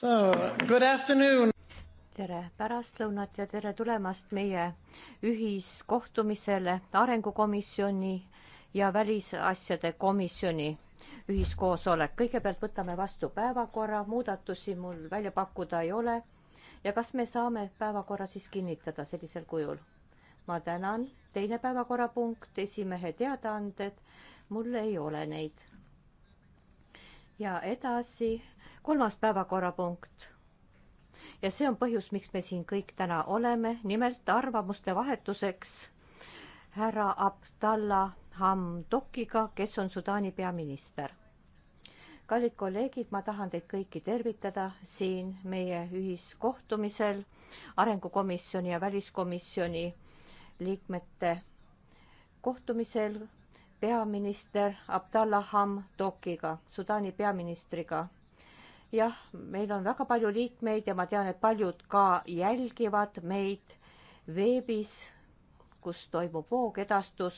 So, good afternoon. tere pärastlõunat ja tere tulemast meie ühiskohtumisele Arengukomisjoni ja Välisasjade Komisjoni ühiskoosolek. kõigepealt võtame vastu päevakorra, muudatusi mul välja pakkuda ei ole. ja kas me saame päevakorra siis kinnitada sellisel kujul? ma tänan. teine päevakorrapunkt, esimehe teadaanded. mul ei ole neid. ja edasi kolmas päevakorrapunkt ja see on põhjus, miks me siin kõik täna oleme, nimelt arvamuste vahetuseks härra Abdallah Hamdokiga, kes on Sudaani peaminister. kallid kolleegid, ma tahan teid kõiki tervitada siin meie ühiskohtumisel Arengukomisjoni ja Väliskomisjoni liikmete kohtumisel peaminister Abdallah Hamdokiga, Sudaani peaministriga jah, meil on väga palju liikmeid ja ma tean, et paljud ka jälgivad meid veebis, kus toimub voogedastus.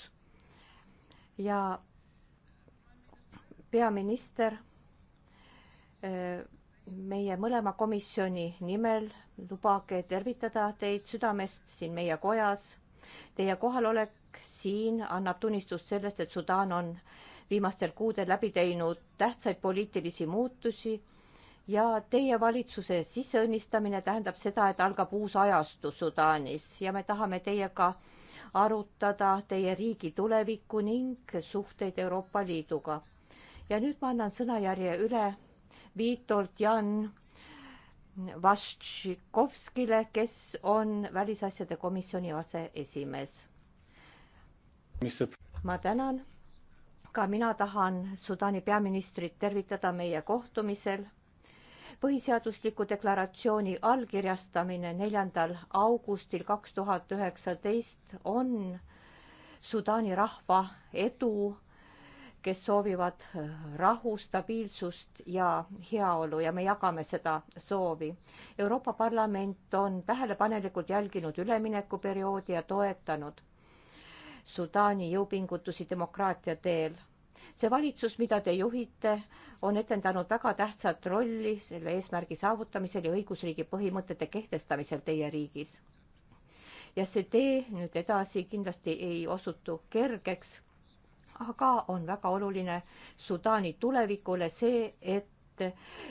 ja peaminister eh, meie mõlema komisjoni nimel lubage tervitada teid südamest siin meie kojas. Teie kohalolek siin annab tunnistust sellest, et Sudaan on viimastel kuudel läbi teinud tähtsaid poliitilisi muutusi ja teie valitsuse sisseõnnistamine tähendab seda, et algab uus ajastu Sudaanis ja me tahame teiega arutada teie riigi tulevikku ning suhteid Euroopa Liiduga. ja nüüd ma annan sõnajärje üle Vitold Jan Vaštšikovskile, kes on Välisasjade Komisjoni aseesimees. ma tänan. ka mina tahan Sudaani peaministrit tervitada meie kohtumisel põhiseadusliku deklaratsiooni allkirjastamine neljandal augustil kaks tuhat üheksateist on Sudaani rahva edu, kes soovivad äh, rahu, stabiilsust ja heaolu ja me jagame seda soovi. Euroopa Parlament on tähelepanelikult jälginud üleminekuperioodi ja toetanud Sudaani jõupingutusi demokraatia teel see valitsus, mida te juhite, on etendanud väga tähtsat rolli selle eesmärgi saavutamisel ja õigusriigi põhimõtete kehtestamisel teie riigis. ja see tee nüüd edasi kindlasti ei osutu kergeks, aga on väga oluline Sudaani tulevikule see, et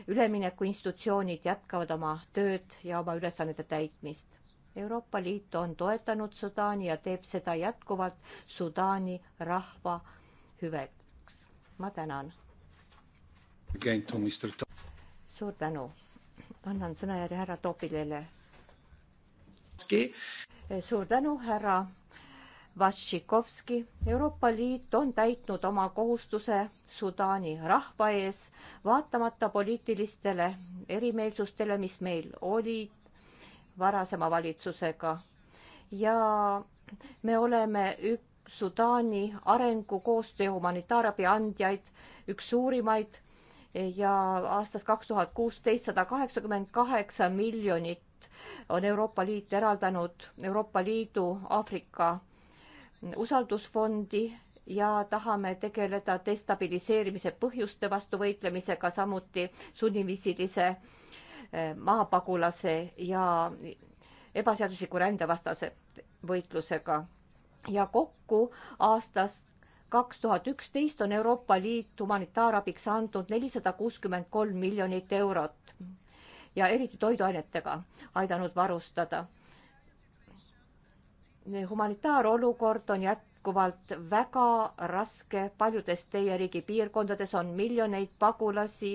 ülemineku institutsioonid jätkavad oma tööd ja oma ülesannete täitmist. Euroopa Liit on toetanud Sudaani ja teeb seda jätkuvalt Sudaani rahva hüved ma tänan. suur tänu. annan sõnajärje härra Topilele. suur tänu, härra Vašikovski. Euroopa Liit on täitnud oma kohustuse Sudaani rahva ees, vaatamata poliitilistele erimeelsustele, mis meil olid varasema valitsusega. ja me oleme üks Sudaani arengukoostöö humanitaarabi andjaid, üks suurimaid ja aastast kaks tuhat kuusteist sada kaheksakümmend kaheksa miljonit on Euroopa Liit eraldanud Euroopa Liidu Aafrika usaldusfondi ja tahame tegeleda destabiliseerimise põhjuste vastu võitlemisega, samuti sunniviisilise eh, maapagulase ja ebaseadusliku rände vastase võitlusega ja kokku aastast kaks tuhat üksteist on Euroopa Liit humanitaarabiks andnud nelisada kuuskümmend kolm miljonit eurot ja eriti toiduainetega aidanud varustada. humanitaarolukord on jätkuvalt väga raske, paljudes teie riigi piirkondades on miljoneid pagulasi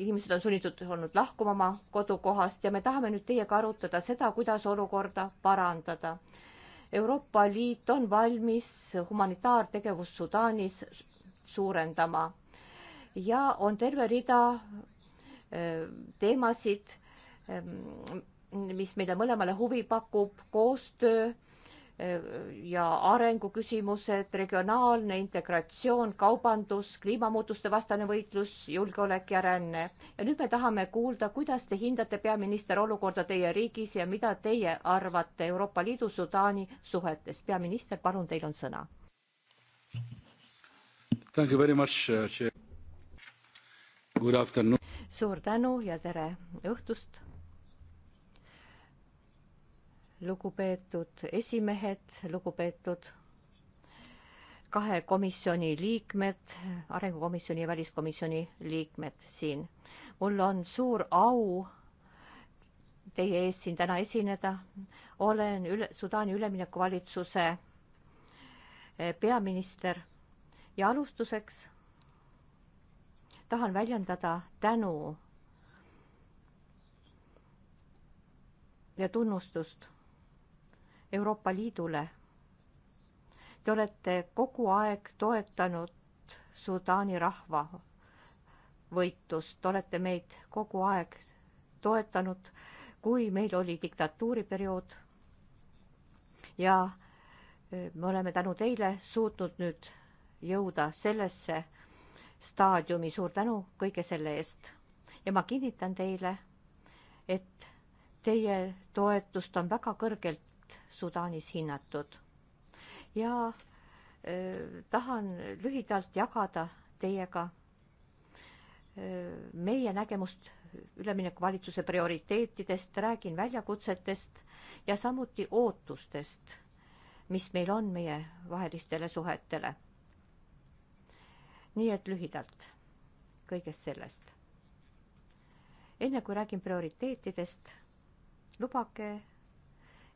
inimesed on sunnitud olnud lahkuma oma kodukohast ja me tahame nüüd teiega arutada seda, kuidas olukorda parandada. Euroopa Liit on valmis humanitaartegevust Sudaanis suurendama ja on terve rida äh, teemasid, ähm, mis meile mõlemale huvi pakub, koostöö ja arenguküsimused, regionaalne integratsioon, kaubandus, kliimamuutuste vastane võitlus, julgeolek ja ränne. ja nüüd me tahame kuulda, kuidas te hindate, peaminister, olukorda teie riigis ja mida teie arvate Euroopa Liidu Sudaani suhetest. peaminister, palun, teil on sõna. Uh, suur tänu ja tere õhtust lugupeetud esimehed, lugupeetud kahe komisjoni liikmed, arengukomisjoni ja väliskomisjoni liikmed siin. mul on suur au teie ees siin täna esineda. olen üle, Sudaani üleminekuvalitsuse eh, peaminister ja alustuseks tahan väljendada tänu ja tunnustust Euroopa Liidule. Te olete kogu aeg toetanud Sudaani rahva võitlust, olete meid kogu aeg toetanud, kui meil oli diktatuuriperiood. ja e, me oleme tänu teile suutnud nüüd jõuda sellesse staadiumi, suur tänu kõige selle eest. ja ma kinnitan teile, et teie toetust on väga kõrgelt Sudaanis hinnatud. ja eh, tahan lühidalt jagada teiega eh, meie nägemust üleminekuvalitsuse prioriteetidest, räägin väljakutsetest ja samuti ootustest, mis meil on meie vahelistele suhetele. nii et lühidalt kõigest sellest. enne kui räägin prioriteetidest, lubage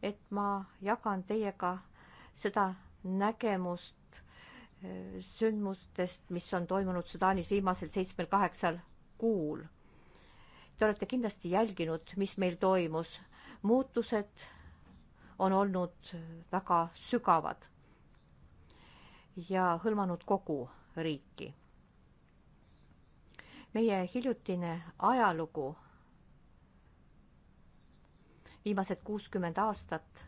et ma jagan teiega seda nägemust äh, sündmustest, mis on toimunud Sudaanis viimasel seitsmel-kaheksal kuul. Te olete kindlasti jälginud, mis meil toimus. muutused on olnud väga sügavad ja hõlmanud kogu riiki. meie hiljutine ajalugu viimased kuuskümmend aastat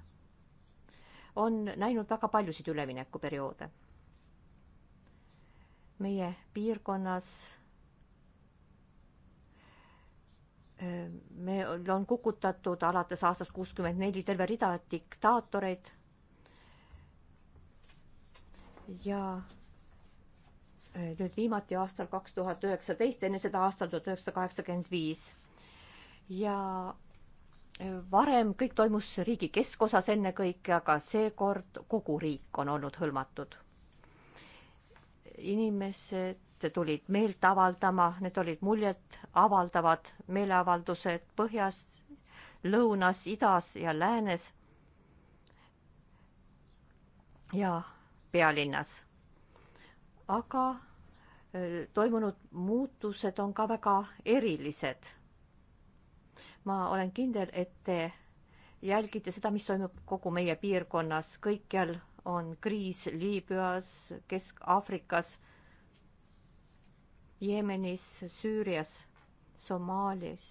on näinud väga paljusid üleminekuperioode. meie piirkonnas meil on kukutatud alates aastast kuuskümmend neli terve rida diktaatoreid ja nüüd viimati aastal kaks tuhat üheksateist, enne seda aastal tuhat üheksasada kaheksakümmend viis. ja varem kõik toimus riigi keskosas ennekõike, aga seekord kogu riik on olnud hõlmatud. inimesed tulid meelt avaldama, need olid muljet avaldavad meeleavaldused põhjas, lõunas, idas ja läänes. ja pealinnas. aga eh, toimunud muutused on ka väga erilised ma olen kindel, et te jälgite seda, mis toimub kogu meie piirkonnas, kõikjal on kriis Liibüas, Kesk-Aafrikas, Jeemenis, Süürias, Somaalias,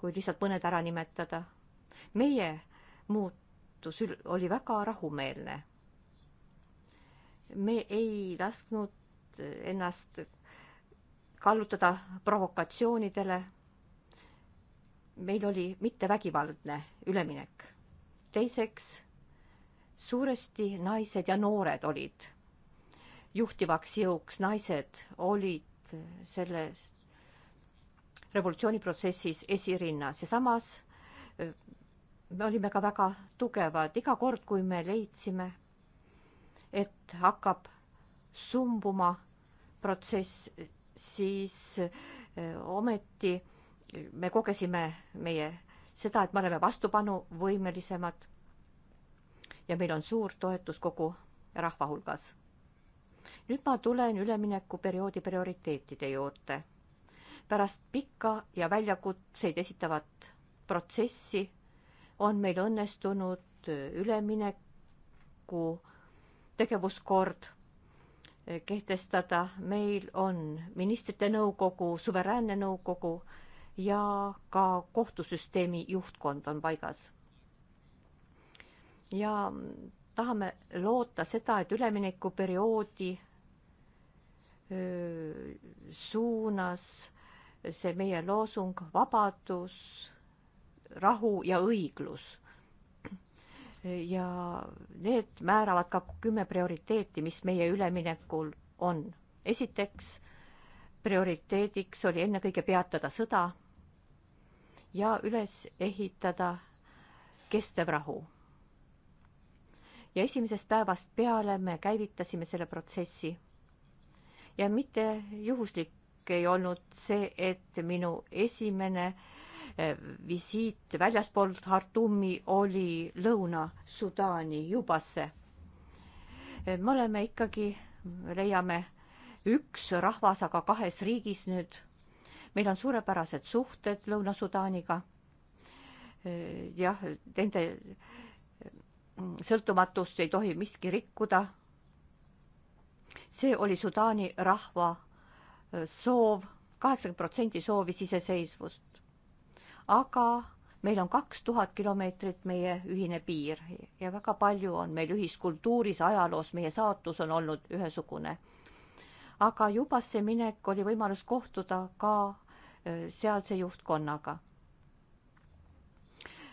kui lihtsalt mõned ära nimetada. meie muutus oli väga rahumeelne. me ei lasknud ennast kallutada provokatsioonidele meil oli mittevägivaldne üleminek. teiseks, suuresti naised ja noored olid juhtivaks jõuks, naised olid selles revolutsiooniprotsessis esirinnas ja samas me olime ka väga tugevad, iga kord, kui me leidsime, et hakkab sumbuma protsess, siis ometi äh, me kogesime meie seda, et me oleme vastupanuvõimelisemad ja meil on suur toetus kogu rahva hulgas. nüüd ma tulen üleminekuperioodi prioriteetide juurde. pärast pikka ja väljakutseid esitavat protsessi on meil õnnestunud ülemineku tegevuskord kehtestada, meil on ministrite nõukogu, suveräänne nõukogu ja ka kohtusüsteemi juhtkond on paigas. ja tahame loota seda, et üleminekuperioodi suunas see meie loosung vabadus, rahu ja õiglus. ja need määravad ka kümme prioriteeti, mis meie üleminekul on. esiteks prioriteediks oli ennekõike peatada sõda ja üles ehitada kestev rahu. ja esimesest päevast peale me käivitasime selle protsessi. ja mitte juhuslik ei olnud see, et minu esimene eh, visiit väljaspool Khartoumi oli Lõuna-Sudaani Jubasse. Eh, me oleme ikkagi, leiame üks rahvas, aga kahes riigis nüüd. meil on suurepärased suhted Lõuna-Sudaaniga. Äh, jah, nende äh, sõltumatust ei tohi miski rikkuda. see oli Sudaani rahva äh, soov, kaheksakümmend protsenti soovis iseseisvust. aga meil on kaks tuhat kilomeetrit meie ühine piir ja väga palju on meil ühiskultuuris, ajaloos, meie saatus on olnud ühesugune aga juba see minek oli võimalus kohtuda ka äh, sealse juhtkonnaga.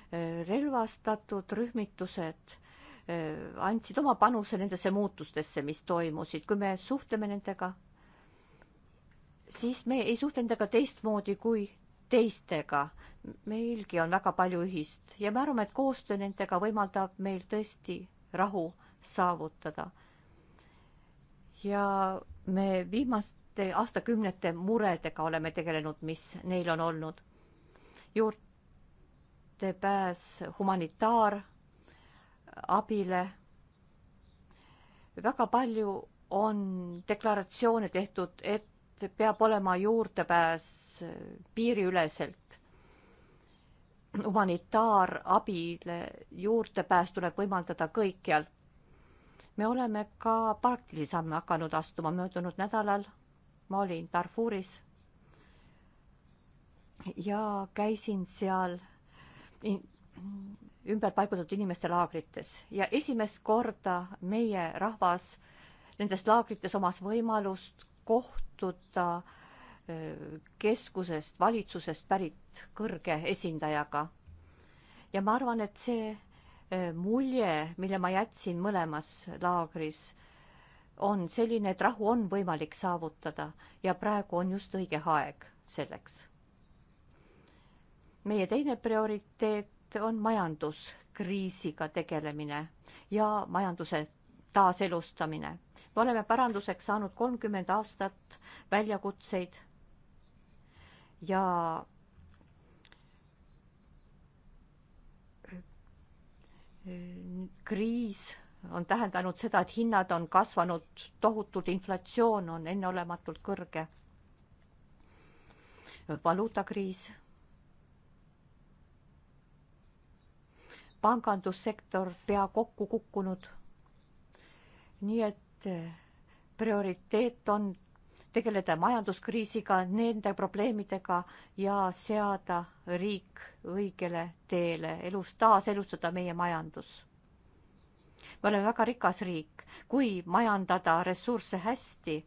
Äh, relvastatud rühmitused äh, andsid oma panuse nendesse muutustesse, mis toimusid, kui me suhtleme nendega, siis me ei suhtle nendega teistmoodi kui teistega. meilgi on väga palju ühist ja me arvame, et koostöö nendega võimaldab meil tõesti rahu saavutada ja me viimaste aastakümnete muredega oleme tegelenud, mis neil on olnud. juurdepääs humanitaarabile. väga palju on deklaratsioone tehtud, et peab olema juurdepääs piiriüleselt humanitaarabile juurdepääs tuleb võimaldada kõikjal me oleme ka praktilisi samme hakanud astuma, möödunud nädalal ma olin Darfuris ja käisin seal ümber paigutatud inimeste laagrites ja esimest korda meie rahvas nendes laagrites omas võimalust kohtuda keskusest, valitsusest pärit kõrge esindajaga. ja ma arvan, et see Äh, mulje, mille ma jätsin mõlemas laagris, on selline, et rahu on võimalik saavutada ja praegu on just õige aeg selleks. meie teine prioriteet on majanduskriisiga tegelemine ja majanduse taaselustamine. me oleme paranduseks saanud kolmkümmend aastat väljakutseid ja kriis on tähendanud seda, et hinnad on kasvanud tohutult, inflatsioon on enneolematult kõrge. valuutakriis. pangandussektor pea kokku kukkunud. nii et prioriteet on tegeleda majanduskriisiga, nende probleemidega ja seada riik õigele teele, elus taaselustada meie majandus. me oleme väga rikas riik, kui majandada ressursse hästi,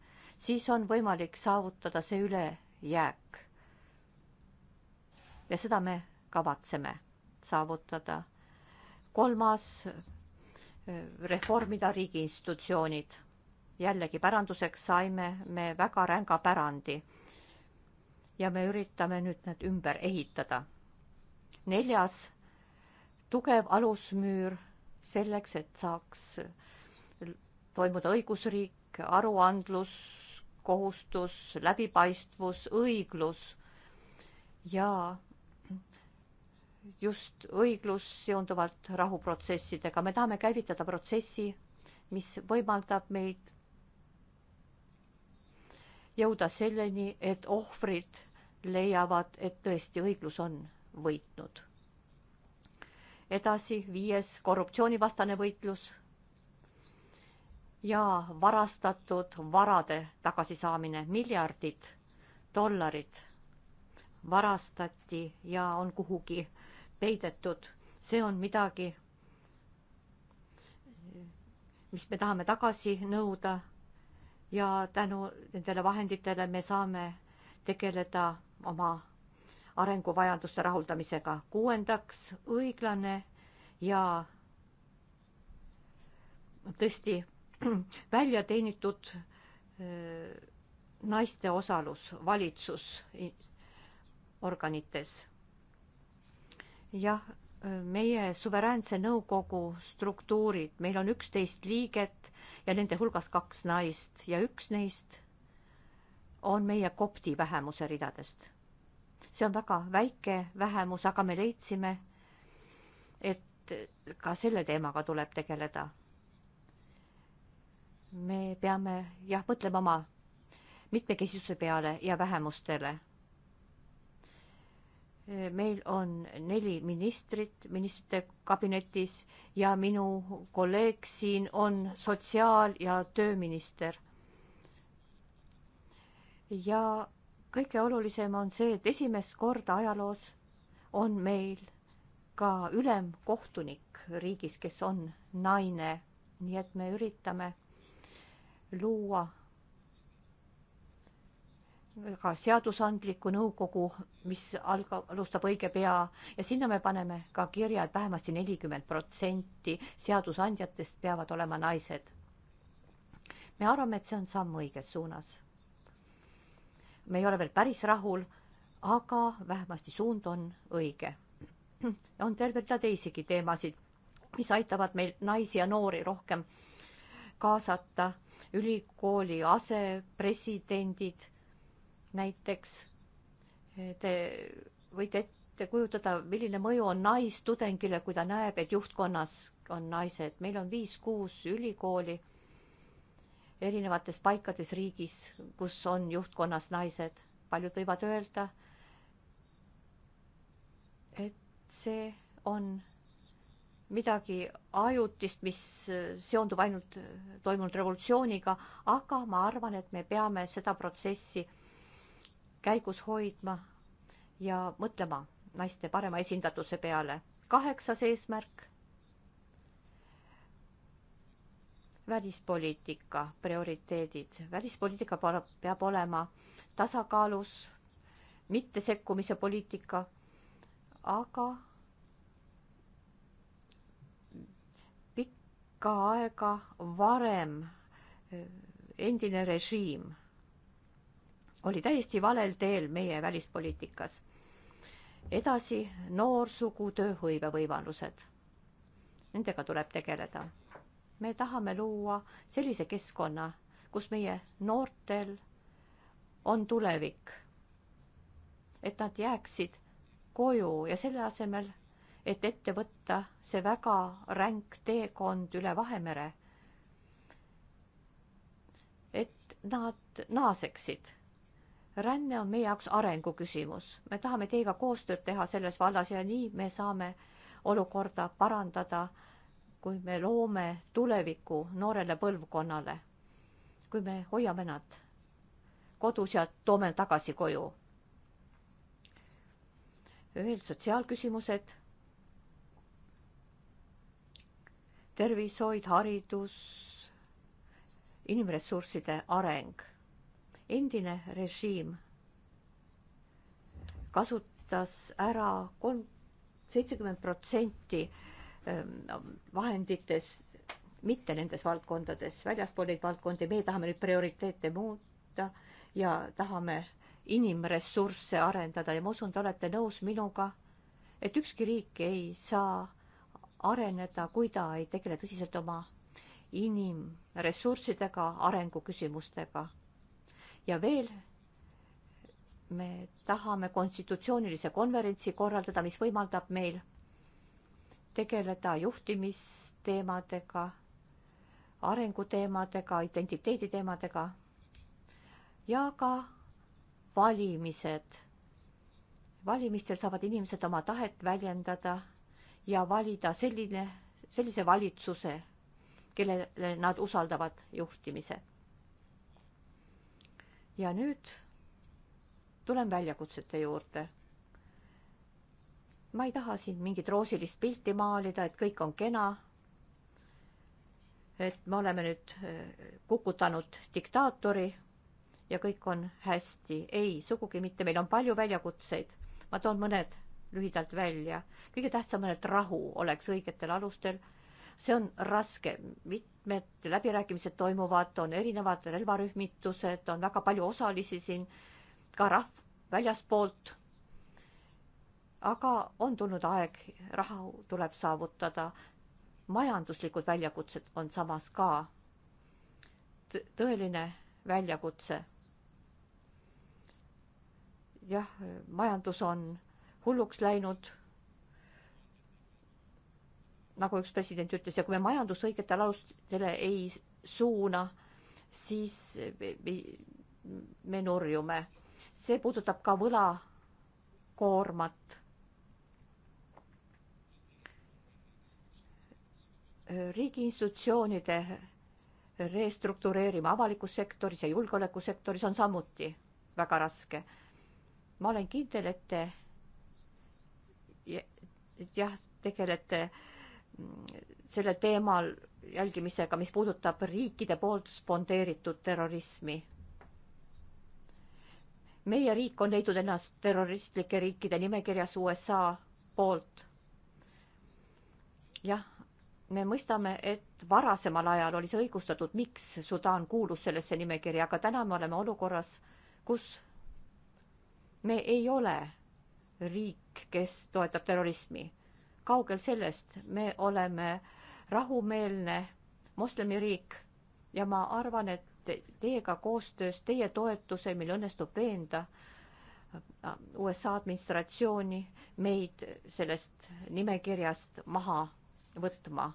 siis on võimalik saavutada see ülejääk. ja seda me kavatseme saavutada. kolmas, eh, reformida riigi institutsioonid jällegi päranduseks saime me väga ränga pärandi. ja me üritame nüüd need ümber ehitada. neljas, tugev alusmüür selleks, et saaks toimuda õigusriik, aruandlus, kohustus, läbipaistvus, õiglus ja just õiglus seonduvalt rahuprotsessidega. me tahame käivitada protsessi, mis võimaldab meil jõuda selleni, et ohvrid leiavad, et tõesti õiglus on võitnud. edasi viies korruptsioonivastane võitlus ja varastatud varade tagasisaamine, miljardid dollarid varastati ja on kuhugi peidetud. see on midagi, mis me tahame tagasi nõuda ja tänu nendele vahenditele me saame tegeleda oma arenguvajaduste rahuldamisega. kuuendaks, õiglane ja tõesti välja teenitud äh, naiste osalus valitsusorganites. jah, äh, meie suveräänse nõukogu struktuurid, meil on üksteist liiget ja nende hulgas kaks naist ja üks neist on meie kopti vähemuse ridadest. see on väga väike vähemus, aga me leidsime, et ka selle teemaga tuleb tegeleda. me peame jah, mõtlema oma mitmekesisuse peale ja vähemustele meil on neli ministrit ministrite kabinetis ja minu kolleeg siin on sotsiaal- ja tööminister. ja kõige olulisem on see, et esimest korda ajaloos on meil ka ülemkohtunik riigis, kes on naine, nii et me üritame luua ka seadusandliku nõukogu, mis algab, alustab õige pea ja sinna me paneme ka kirja, et vähemasti nelikümmend protsenti seadusandjatest peavad olema naised. me arvame, et see on samm õiges suunas. me ei ole veel päris rahul, aga vähemasti suund on õige. on terve rida teisigi teemasid, mis aitavad meil naisi ja noori rohkem kaasata, ülikooli asepresidendid näiteks eh, te võite ette kujutada, milline mõju on naistudengile, kui ta näeb, et juhtkonnas on naised. meil on viis-kuus ülikooli erinevates paikades riigis, kus on juhtkonnas naised. paljud võivad öelda, et see on midagi ajutist, mis eh, seondub ainult toimunud revolutsiooniga, aga ma arvan, et me peame seda protsessi käigus hoidma ja mõtlema naiste parema esindatuse peale. kaheksas eesmärk. välispoliitika prioriteedid. välispoliitika peab olema tasakaalus, mittesekkumise poliitika, aga pikka aega varem eh, endine režiim oli täiesti valel teel meie välispoliitikas. edasi noorsugu tööhõive võimalused. Nendega tuleb tegeleda. me tahame luua sellise keskkonna, kus meie noortel on tulevik. et nad jääksid koju ja selle asemel, et ette võtta see väga ränk teekond üle Vahemere. et nad naaseksid ränne on meie jaoks arengu küsimus, me tahame teiega koostööd teha selles vallas ja nii me saame olukorda parandada, kui me loome tuleviku noorele põlvkonnale. kui me hoiame nad kodus ja toome tagasi koju. veel sotsiaalküsimused. tervishoid, haridus, inimressursside areng endine režiim kasutas ära kolm, seitsekümmend protsenti ähm, vahenditest mitte nendes valdkondades, väljaspool neid valdkondi, meie tahame nüüd prioriteete muuta ja tahame inimressursse arendada ja ma usun, te olete nõus minuga, et ükski riik ei saa areneda, kui ta ei tegele tõsiselt oma inimressurssidega, arenguküsimustega ja veel me tahame konstitutsioonilise konverentsi korraldada, mis võimaldab meil tegeleda juhtimisteemadega, arenguteemadega, identiteediteemadega ja ka valimised. valimistel saavad inimesed oma tahet väljendada ja valida selline, sellise valitsuse, kellele nad usaldavad juhtimise ja nüüd tulen väljakutsete juurde. ma ei taha siin mingit roosilist pilti maalida, et kõik on kena. et me oleme nüüd äh, kukutanud diktaatori ja kõik on hästi. ei, sugugi mitte, meil on palju väljakutseid. ma toon mõned lühidalt välja. kõige tähtsam on, et rahu oleks õigetel alustel. see on raske, mitte mitmed läbirääkimised toimuvad, on erinevad relvarühmitused, on väga palju osalisi siin, ka rahv-, väljaspoolt. aga on tulnud aeg, rahu tuleb saavutada. majanduslikud väljakutsed on samas ka tõeline väljakutse. jah, majandus on hulluks läinud nagu üks president ütles, ja kui me majandust õigetele alustele ei suuna, siis me nurjume. see puudutab ka võlakoormat. riigi institutsioonide restruktureerima avalikus sektoris ja julgeolekusektoris on samuti väga raske. ma olen kindel, et te jah, tegelete äh, selle teemal jälgimisega, mis puudutab riikide poolt spondeeritud terrorismi. meie riik on leidnud ennast terroristlike riikide nimekirjas USA poolt. jah, me mõistame, et varasemal ajal oli see õigustatud, miks Sudaan kuulus sellesse nimekirja, aga täna me oleme olukorras, kus me ei ole riik, kes toetab terrorismi kaugel sellest, me oleme rahumeelne moslemiriik ja ma arvan, et teiega koostöös, teie toetusel meil õnnestub veenda äh, USA administratsiooni meid sellest nimekirjast maha võtma.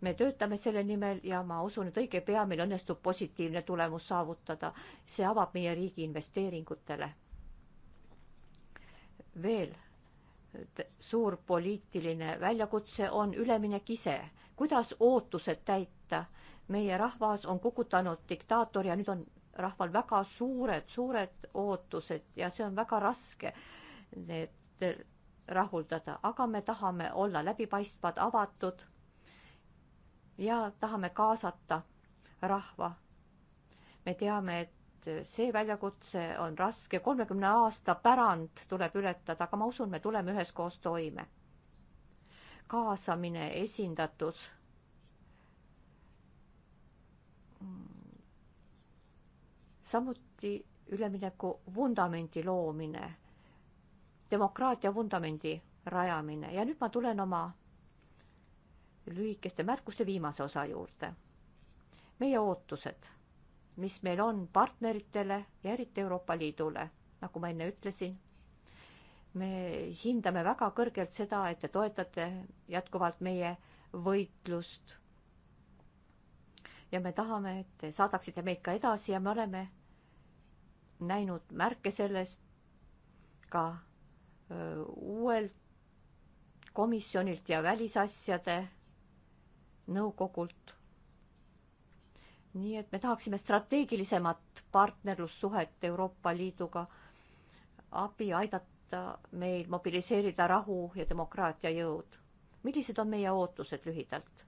me töötame selle nimel ja ma usun, et õige pea meil õnnestub positiivne tulemus saavutada. see avab meie riigi investeeringutele. veel suur poliitiline väljakutse on üleminek ise, kuidas ootused täita. meie rahvas on kukutanud diktaatori ja nüüd on rahval väga suured-suured ootused ja see on väga raske need rahuldada, aga me tahame olla läbipaistvad, avatud ja tahame kaasata rahva. me teame, et see väljakutse on raske, kolmekümne aasta pärand tuleb ületada, aga ma usun, me tuleme üheskoos toime. kaasamine, esindatus. samuti ülemineku vundamendi loomine, demokraatia vundamendi rajamine ja nüüd ma tulen oma lühikeste märkuste viimase osa juurde. meie ootused mis meil on partneritele ja eriti Euroopa Liidule, nagu ma enne ütlesin. me hindame väga kõrgelt seda, et te toetate jätkuvalt meie võitlust. ja me tahame, et te saadaksite meid ka edasi ja me oleme näinud märke sellest ka öö, uuelt komisjonilt ja välisasjade nõukogult nii et me tahaksime strateegilisemat partnerlussuhet Euroopa Liiduga, abi aidata meil mobiliseerida rahu ja demokraatia jõud. millised on meie ootused lühidalt?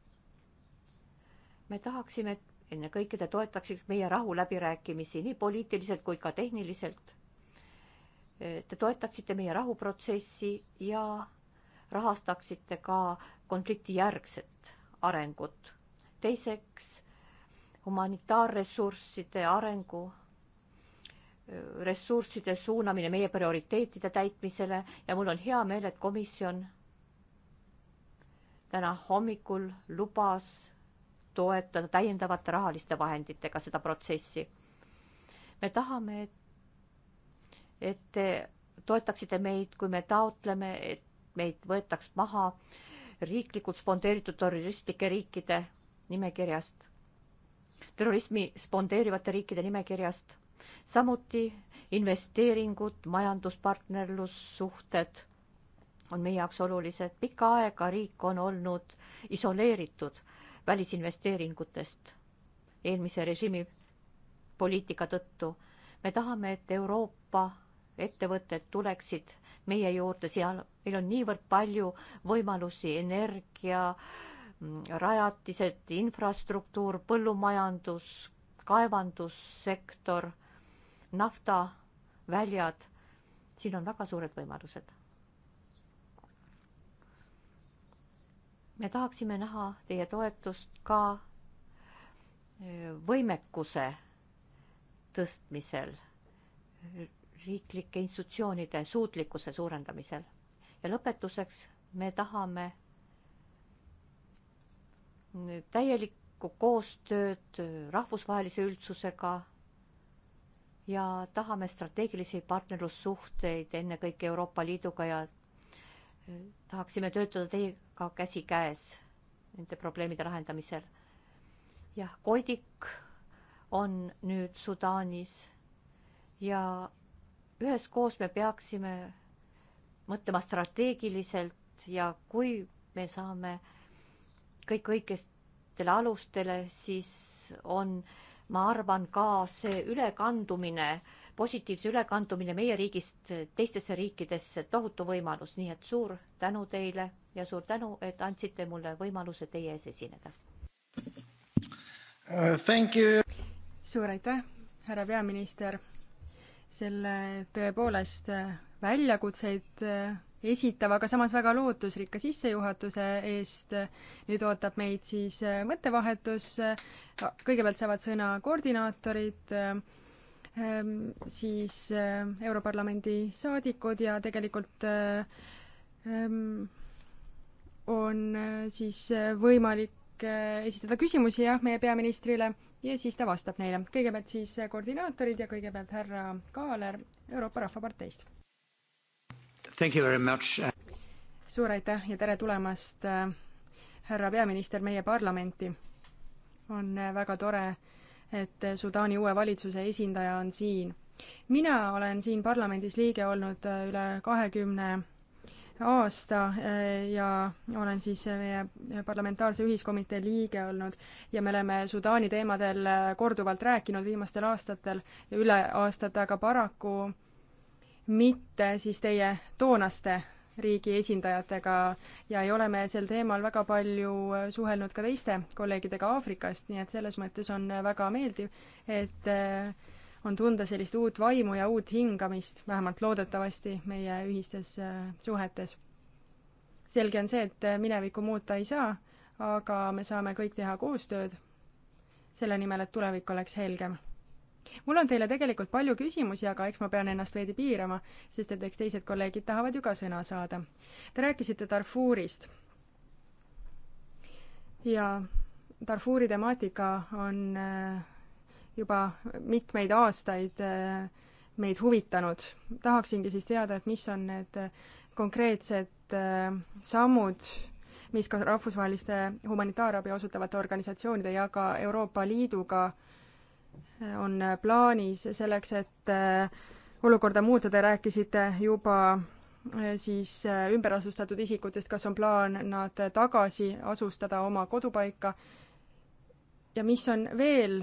me tahaksime, et ennekõike te toetaksite meie rahuläbirääkimisi nii poliitiliselt kui ka tehniliselt. Te toetaksite meie rahuprotsessi ja rahastaksite ka konfliktijärgset arengut. teiseks humanitaarressursside arengu ressursside suunamine meie prioriteetide täitmisele ja mul on hea meel, et komisjon täna hommikul lubas toetada täiendavate rahaliste vahenditega seda protsessi. me tahame, et, et te toetaksite meid, kui me taotleme, et meid võetaks maha riiklikult spondeeritud terroristlike riikide nimekirjast terrorismi spondeerivate riikide nimekirjast, samuti investeeringud, majanduspartnerlussuhted on meie jaoks olulised. pikka aega riik on olnud isoleeritud välisinvesteeringutest eelmise režiimi poliitika tõttu. me tahame, et Euroopa ettevõtted tuleksid meie juurde, seal meil on niivõrd palju võimalusi energia äh, rajatised, infrastruktuur, põllumajandus, kaevandussektor, naftaväljad. siin on väga suured võimalused. me tahaksime näha teie toetust ka eh, võimekuse tõstmisel, riiklike institutsioonide suutlikkuse suurendamisel ja lõpetuseks me tahame täielikku koostööd rahvusvahelise üldsusega ja tahame strateegilisi partnerlussuhteid ennekõike Euroopa Liiduga ja eh, tahaksime töötada teiega käsikäes nende probleemide lahendamisel. jah, Koidik on nüüd Sudaanis ja üheskoos me peaksime mõtlema strateegiliselt ja kui me saame äh, kõik õigestele alustele, siis on, ma arvan, ka see ülekandumine, positiivse ülekandumine meie riigist teistesse riikidesse tohutu võimalus, nii et suur tänu teile ja suur tänu, et andsite mulle võimaluse teie ees esineda uh,. suur aitäh, härra peaminister, selle tõepoolest väljakutseid uh, esitav, aga samas väga lootusrikka sissejuhatuse eest. nüüd ootab meid siis äh, mõttevahetus, äh, kõigepealt saavad sõna koordinaatorid, ähm, siis äh, Europarlamendi saadikud ja tegelikult ähm, on siis võimalik esitada küsimusi jah, meie peaministrile ja siis ta vastab neile. kõigepealt siis koordinaatorid ja kõigepealt härra Kaaler Euroopa Rahvaparteist suur aitäh ja tere tulemast, härra peaminister, meie parlamenti. on väga tore, et Sudaani uue valitsuse esindaja on siin. mina olen siin parlamendis liige olnud üle kahekümne aasta eh, ja olen siis meie parlamentaarse ühiskomitee liige olnud ja me oleme Sudaani teemadel korduvalt rääkinud viimastel aastatel ja üle aastate, aga paraku mitte siis teie toonaste riigi esindajatega ja ei ole me sel teemal väga palju äh, suhelnud ka teiste kolleegidega Aafrikast, nii et selles mõttes on äh, väga meeldiv, et äh, on tunda sellist uut vaimu ja uut hingamist, vähemalt loodetavasti meie ühistes suhetes. selge on see, et minevikku muuta ei saa, aga me saame kõik teha koostööd selle nimel, et tulevik oleks helgem mul on teile tegelikult palju küsimusi, aga eks ma pean ennast veidi piirama, sest et eks teised kolleegid tahavad ju ka sõna saada. Te rääkisite Darfurist. ja Darfuri temaatika on äh, juba mitmeid aastaid äh, meid huvitanud. tahaksingi siis teada, et mis on need äh, konkreetsed sammud, mis ka rahvusvaheliste humanitaarabi osutavate organisatsioonide ja ka Euroopa Liiduga äh, on äh, plaanis selleks, et äh, olukorda muuta, te rääkisite juba äh, siis ümberasustatud isikutest, kas on plaan nad tagasi asustada oma kodupaika ja mis on veel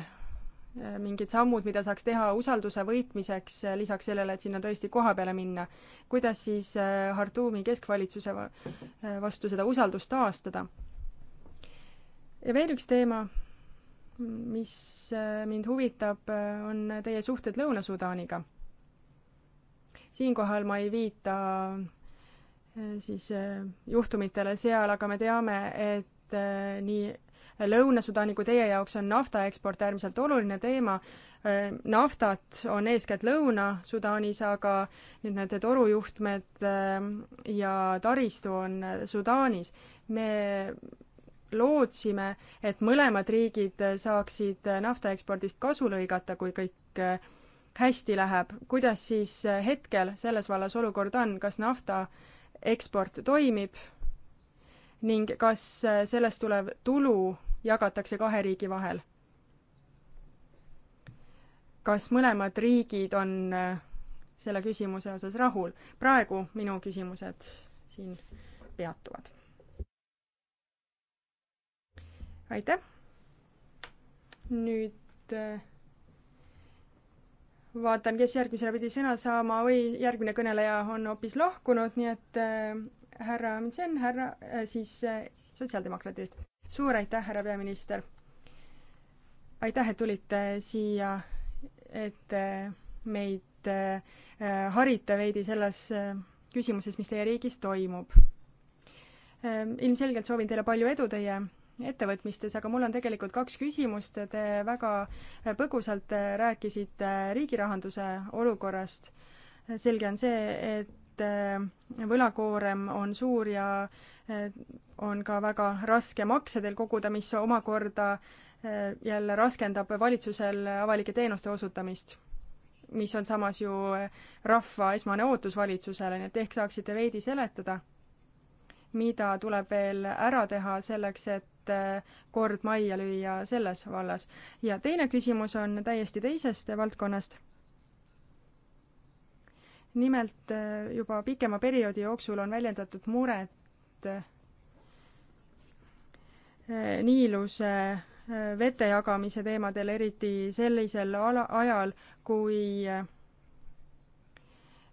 mingid sammud, mida saaks teha usalduse võitmiseks, lisaks sellele, et sinna tõesti koha peale minna. kuidas siis Hartumi keskvalitsuse vastu seda usaldust taastada? ja veel üks teema mis äh, mind huvitab, äh, on teie suhted Lõuna-Sudaaniga. siinkohal ma ei viita äh, siis juhtumitele seal, aga me teame, et nii Lõuna-Sudaani kui teie jaoks on nafta eksport äärmiselt oluline teema. naftat on eeskätt Lõuna-Sudaanis, aga nüüd need torujuhtmed ja taristu on Sudaanis. me lootsime, et mõlemad riigid saaksid naftaekspordist kasu lõigata, kui kõik äh, hästi läheb. kuidas siis äh, hetkel selles vallas olukord on, kas nafta eksport toimib ning kas äh, sellest tulev tulu jagatakse kahe riigi vahel? kas mõlemad riigid on selle küsimuse osas rahul? praegu minu küsimused siin peatuvad aitäh! nüüd äh, vaatan, kes järgmisena pidi sõna saama või järgmine kõneleja on hoopis lahkunud, nii et äh, härra Amtsen, härra äh, siis äh, sotsiaaldemokraadist. suur aitäh, härra peaminister! aitäh, et tulite siia, et äh, meid äh, äh harite veidi selles äh, küsimuses, mis teie riigis toimub äh,. ilmselgelt soovin teile palju edu teie ettevõtmistes, aga mul on tegelikult kaks küsimust, te väga põgusalt rääkisite riigirahanduse olukorrast. selge on see, et äh, võlakoorem on suur ja äh, on ka väga raske makse teil koguda, mis omakorda äh, jälle raskendab valitsusel avalike teenuste osutamist, mis on samas ju rahva esmane ootus valitsusele, nii et ehk saaksite veidi seletada mida tuleb veel ära teha selleks, et et eh, kord majja lüüa selles vallas. ja teine küsimus on täiesti teisest valdkonnast. nimelt eh, juba pikema perioodi jooksul on väljendatud muret eh, Niiluse vete jagamise teemadel, eriti sellisel ala, ajal, kui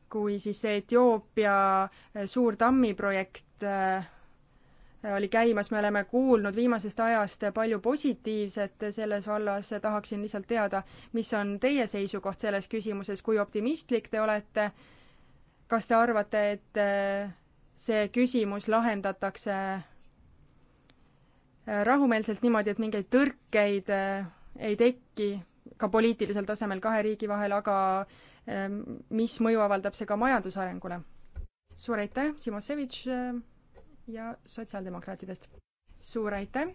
kui siis see Etioopia suur tammiprojekt äh, oli käimas, me oleme kuulnud viimasest ajast palju positiivset selles vallas, tahaksin lihtsalt teada, mis on teie seisukoht selles küsimuses, kui optimistlik te olete, kas te arvate, et äh, see küsimus lahendatakse äh, rahumeelselt niimoodi, et mingeid tõrkeid äh, ei teki ka poliitilisel tasemel kahe riigi vahel, aga mis mõju avaldab see ka majandusarengule? suur aitäh, Simo Sevitš ja sotsiaaldemokraatidest. suur aitäh!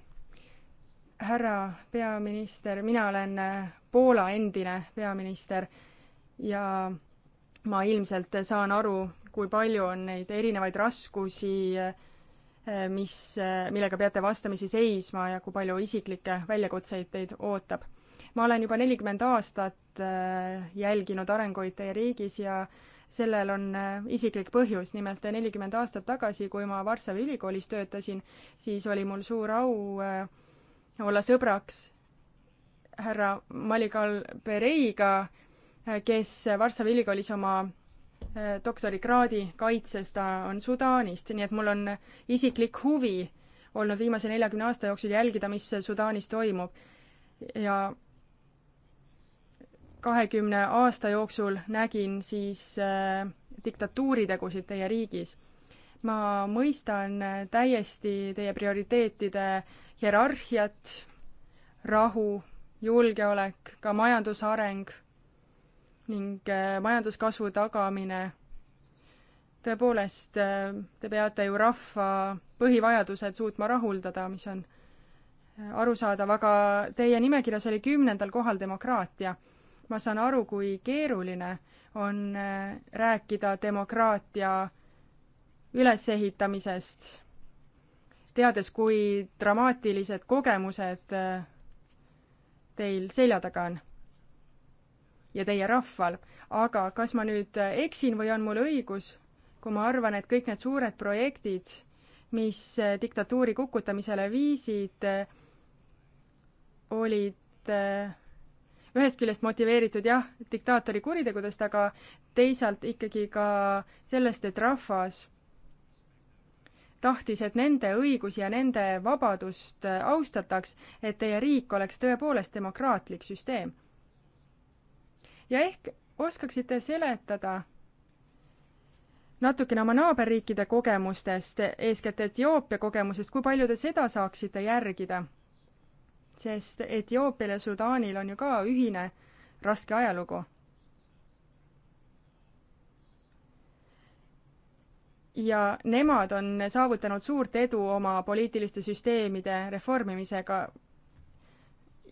härra peaminister, mina olen äh, Poola endine peaminister ja ma ilmselt saan aru, kui palju on neid erinevaid raskusi, äh, mis, äh, millega peate vastamisi seisma ja kui palju isiklikke väljakutseid teid ootab. ma olen juba nelikümmend aastat jälginud arenguid teie riigis ja sellel on äh, isiklik põhjus, nimelt äh, nelikümmend aastat tagasi, kui ma Varssavi ülikoolis töötasin, siis oli mul suur au äh, olla sõbraks härra Maligal Pereiga, kes Varssavi ülikoolis oma doktorikraadi kaitses, ta on Sudaanist, nii et mul on isiklik huvi olnud viimase neljakümne aasta jooksul jälgida, mis Sudaanis toimub. ja kahekümne aasta jooksul nägin siis äh, diktatuuritegusid teie riigis. ma mõistan äh, täiesti teie prioriteetide hierarhiat, rahu, julgeolek, ka majandusareng ning äh, majanduskasvu tagamine. tõepoolest, te peate ju rahva põhivajadused suutma rahuldada, mis on arusaadav, aga teie nimekirjas oli kümnendal kohal demokraatia ma saan aru, kui keeruline on äh, rääkida demokraatia ülesehitamisest, teades, kui dramaatilised kogemused äh, teil selja taga on ja teie rahval. aga kas ma nüüd äh, eksin või on mul õigus, kui ma arvan, et kõik need suured projektid, mis diktatuuri kukutamisele viisid, olid ühest küljest motiveeritud jah, diktaatori kuritegudest, aga teisalt ikkagi ka sellest, et rahvas tahtis, et nende õigusi ja nende vabadust äh, austataks, et teie riik oleks tõepoolest demokraatlik süsteem. ja ehk oskaksite seletada natukene oma naaberriikide kogemustest, eeskätt Etioopia kogemusest, kui palju te seda saaksite järgida sest Etioopial ja Sudaanil on ju ka ühine raske ajalugu. ja nemad on saavutanud suurt edu oma poliitiliste süsteemide reformimisega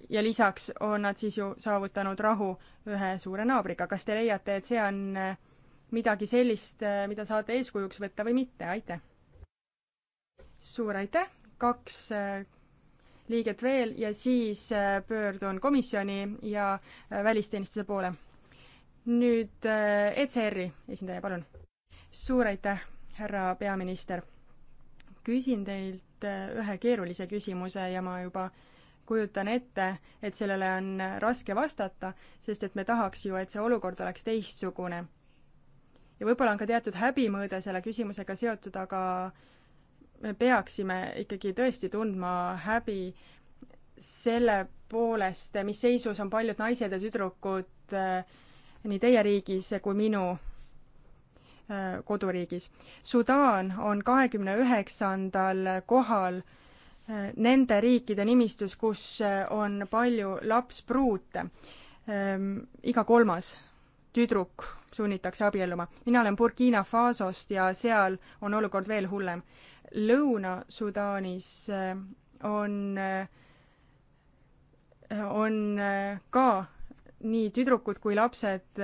ja lisaks on nad siis ju saavutanud rahu ühe suure naabriga. kas te leiate, et see on midagi sellist, mida saate eeskujuks võtta või mitte? aitäh! suur aitäh! kaks liiget veel ja siis äh, pöördun komisjoni ja äh, välisteenistuse poole. nüüd äh, ECR-i esindaja, palun. suur aitäh, härra peaminister. küsin teilt ühe keerulise küsimuse ja ma juba kujutan ette, et sellele on raske vastata, sest et me tahaks ju, et see olukord oleks teistsugune. ja võib-olla on ka teatud häbimõõde selle küsimusega seotud, aga äh, me peaksime ikkagi tõesti tundma häbi selle poolest, mis seisus on paljud naised ja tüdrukud eh, nii teie riigis kui minu eh, koduriigis. Sudaan on kahekümne üheksandal kohal eh, nende riikide nimistus, kus on palju lapspruute. Ehm, iga kolmas tüdruk sunnitakse abielluma. mina olen Burkina Fasost ja seal on olukord veel hullem. Lõuna-Sudaanis eh, on, eh, on eh, ka nii tüdrukud kui lapsed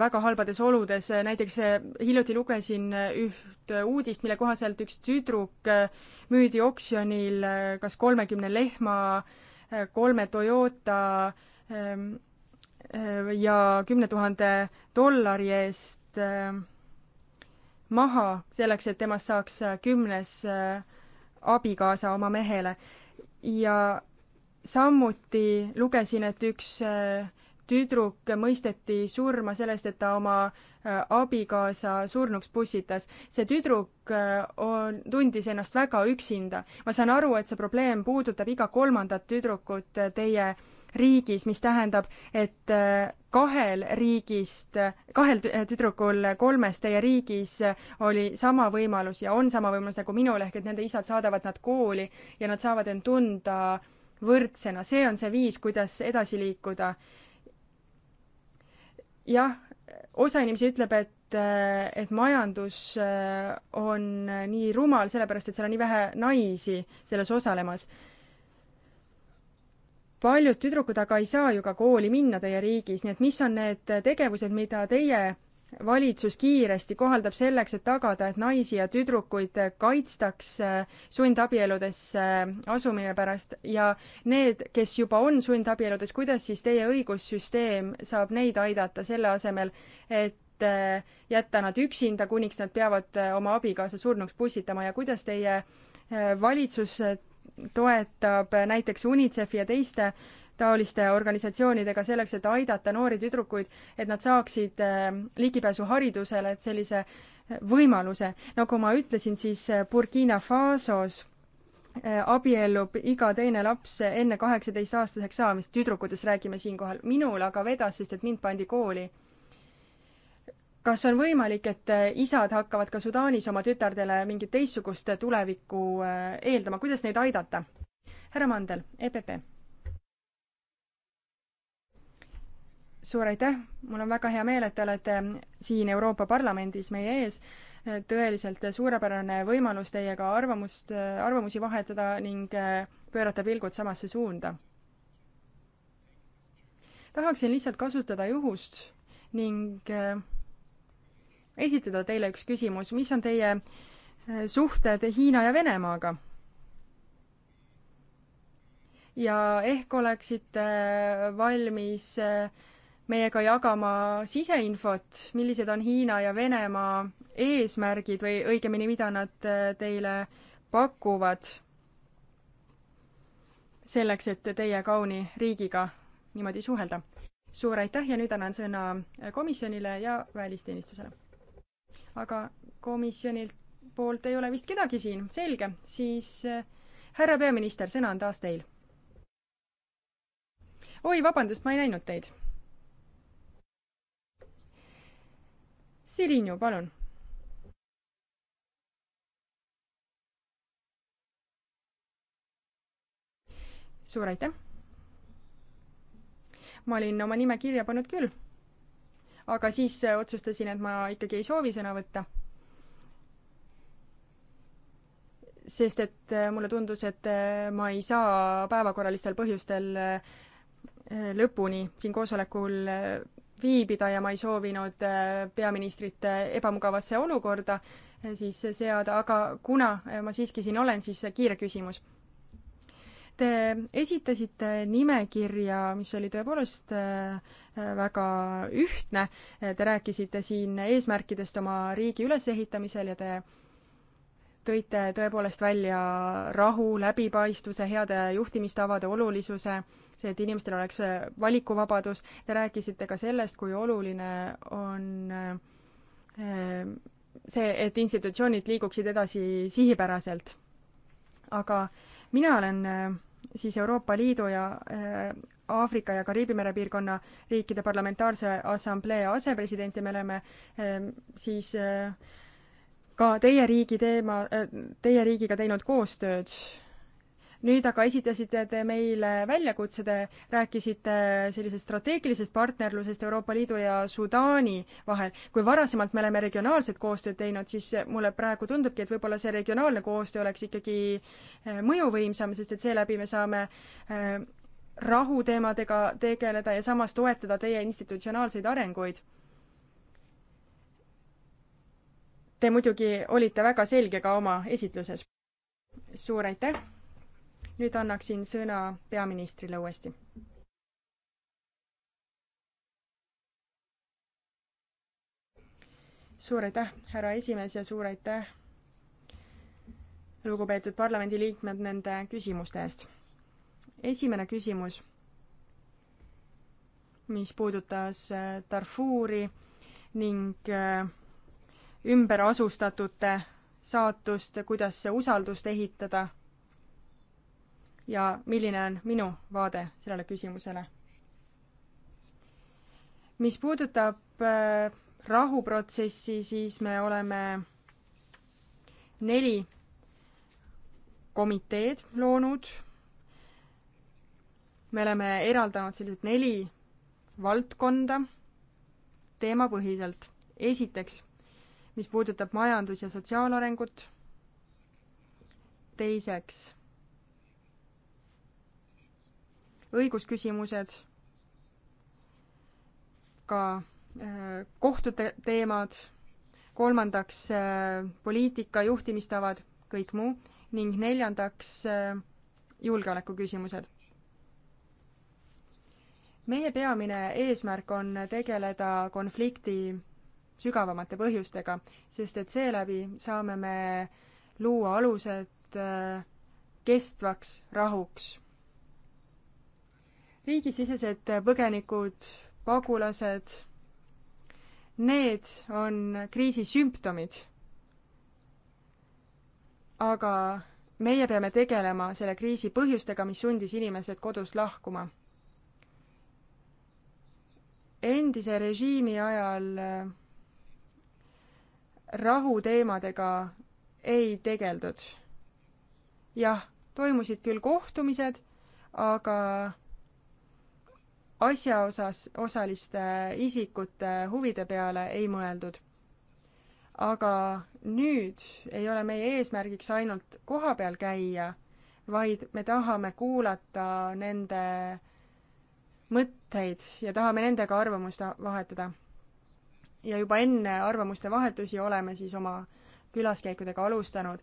väga halbades oludes, näiteks hiljuti lugesin üht uudist, mille kohaselt üks tüdruk müüdi oksjonil kas kolmekümne lehma, kolme Toyota ja kümne tuhande dollari eest maha, selleks et temast saaks äh, kümnes äh, abikaasa oma mehele. ja samuti lugesin, et üks äh, tüdruk mõisteti surma sellest, et ta oma abikaasa surnuks pussitas. see tüdruk on, tundis ennast väga üksinda. ma saan aru, et see probleem puudutab iga kolmandat tüdrukut teie äh, riigis, mis tähendab, et äh, kahel riigist, kahel tüdrukul kolmest teie riigis oli sama võimalus ja on sama võimalus nagu minul, ehk et nende isad saadavad nad kooli ja nad saavad end tunda võrdsena, see on see viis, kuidas edasi liikuda. jah, osa inimesi ütleb, et äh, et majandus äh, on nii rumal, sellepärast et seal on nii vähe naisi selles osalemas paljud tüdrukud aga ei saa ju ka kooli minna teie riigis, nii et mis on need tegevused, mida teie valitsus kiiresti kohaldab selleks, et tagada, et naisi ja tüdrukuid kaitstaks sundabieludesse asumine pärast ja need, kes juba on sundabieludes, kuidas siis teie õigussüsteem saab neid aidata selle asemel, et jätta nad üksinda, kuniks nad peavad oma abikaasa surnuks pussitama ja kuidas teie valitsused toetab näiteks UNICEF-i ja teiste taoliste organisatsioonidega selleks, et aidata noori tüdrukuid, et nad saaksid äh, ligipääsu haridusele, et sellise äh, võimaluse. nagu ma ütlesin, siis äh, Burkina Fasos abiellub iga teine laps enne kaheksateistaastaseks saamist, tüdrukutest räägime siinkohal. minul aga vedas, sest et mind pandi kooli kas on võimalik, et äh, isad hakkavad ka Sudaanis oma tütardele mingit teistsugust äh, tulevikku äh, eeldama, kuidas neid aidata? härra Mandel, EPP. suur aitäh, mul on väga hea meel, et te olete siin Euroopa Parlamendis meie ees. tõeliselt suurepärane võimalus teiega arvamust, arvamusi vahetada ning pöörata pilgud samasse suunda. tahaksin lihtsalt kasutada juhust ning esitada teile üks küsimus, mis on teie äh, suhted Hiina ja Venemaaga? ja ehk oleksite äh, valmis äh, meiega jagama siseinfot, millised on Hiina ja Venemaa eesmärgid või õigemini, mida nad teile pakuvad selleks, et teie kauni riigiga niimoodi suhelda. suur aitäh ja nüüd annan sõna komisjonile ja välisteenistusele aga komisjonilt poolt ei ole vist kedagi siin, selge, siis eh, härra peaminister, sõna on taas teil. oi, vabandust, ma ei näinud teid. Sirinju, palun. suur aitäh. ma olin oma nime kirja pannud küll aga siis otsustasin, et ma ikkagi ei soovi sõna võtta. sest et äh, mulle tundus, et äh, ma ei saa päevakorralistel põhjustel äh, lõpuni siin koosolekul viibida ja ma ei soovinud peaministrit ebamugavasse olukorda siis seada, aga kuna ma siiski siin olen, siis kiire küsimus Te esitasite nimekirja, mis oli tõepoolest äh, väga ühtne, te rääkisite siin eesmärkidest oma riigi ülesehitamisel ja te tõite tõepoolest välja rahu, läbipaistvuse, heade juhtimistavade olulisuse, see, et inimestel oleks äh, valikuvabadus, te rääkisite ka sellest, kui oluline on äh, see, et institutsioonid liiguksid edasi sihipäraselt. aga mina olen siis Euroopa Liidu ja äh, Aafrika ja Kariibi mere piirkonna riikide parlamentaarse assamblee asepresident ja me oleme ähm, siis äh, ka teie riigi teema, äh, teie riigiga teinud koostööd nüüd aga esitasite te meile väljakutse, te rääkisite sellisest strateegilisest partnerlusest Euroopa Liidu ja Sudaani vahel. kui varasemalt me oleme regionaalset koostööd teinud, siis mulle praegu tundubki, et võib-olla see regionaalne koostöö oleks ikkagi eh, mõjuvõimsam, sest et seeläbi me saame eh, rahuteemadega tegeleda ja samas toetada teie institutsionaalseid arenguid Te muidugi olite väga selge ka oma esitluses. suur aitäh! nüüd annaksin sõna peaministrile uuesti. suur aitäh, härra esimees ja suur aitäh, lugupeetud parlamendiliikmed, nende küsimuste eest. esimene küsimus, mis puudutas äh, Darfuri ning äh, ümberasustatute saatust, kuidas usaldust ehitada ja milline on minu vaade sellele küsimusele. mis puudutab äh, rahuprotsessi, siis me oleme neli komiteed loonud. me oleme eraldanud sellised neli valdkonda teemapõhiselt. esiteks, mis puudutab majandus- ja sotsiaalarengut. teiseks õigusküsimused, ka äh, kohtute teemad, kolmandaks äh, poliitika, juhtimistavad, kõik muu, ning neljandaks äh, julgeoleku küsimused. meie peamine eesmärk on tegeleda konflikti sügavamate põhjustega, sest et seeläbi saame me luua alused kestvaks rahuks riigisisesed põgenikud, pagulased, need on kriisi sümptomid. aga meie peame tegelema selle kriisi põhjustega, mis sundis inimesed kodust lahkuma. endise režiimi ajal äh, rahuteemadega ei tegeldud. jah, toimusid küll kohtumised, aga asjaosas, osaliste isikute huvide peale ei mõeldud. aga nüüd ei ole meie eesmärgiks ainult kohapeal käia, vaid me tahame kuulata nende mõtteid ja tahame nendega arvamust vahetada. ja juba enne arvamuste vahetusi oleme siis oma külaskäikudega alustanud.